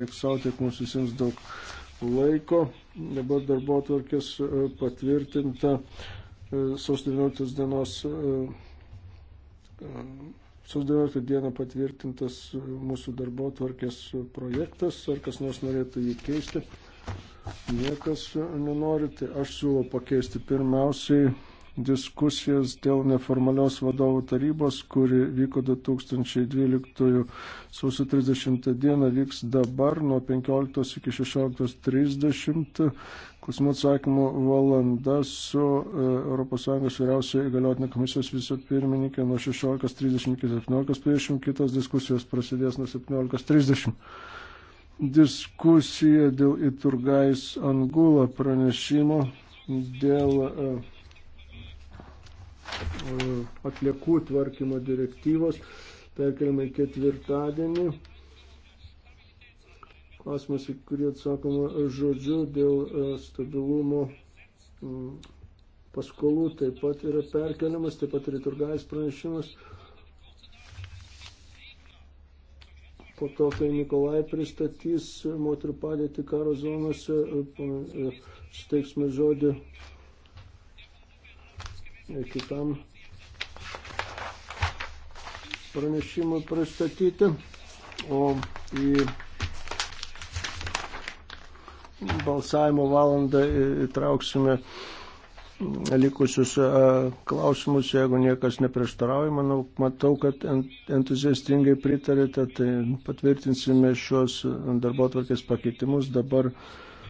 tiek savo, tiek mūsų visiems daug laiko. Dabar darbo atvarkės e, patvirtinta e, sausio 19 dienos. E, sausio 19 dieną patvirtintas mūsų darbo atvarkės projektas, ar kas nors norėtų jį keisti. Niekas nenori, tai aš siūlau pakeisti pirmiausiai diskusijas dėl neformalios vadovų tarybos, kuri vyko 2012 sausio 30 dieną, vyks dabar nuo 15 iki 16.30. Klausimų atsakymų valanda su ES vyriausioje įgaliotinė komisijos vicepirmininkė nuo 16.30 iki 17.50, kitos diskusijos prasidės nuo 17.30 diskusija dėl Iturgais Angulo pranešimo dėl e, E, atliekų tvarkymo direktyvos perkeliamai ketvirtadienį. Klausimas, į kurį atsakoma žodžiu dėl e, stabilumo paskolų taip pat yra perkeliamas, taip pat yra turgais pranešimas. Po to, kai Nikolai pristatys moterų padėti karo zonose, e, steiksime žodį kitam pranešimui pristatyti, o į balsavimo valandą įtrauksime likusius e, klausimus, jeigu niekas neprieštarauja, manau, matau, kad entuziastingai pritarėte, tai patvirtinsime šios darbo tvarkės pakeitimus. Dabar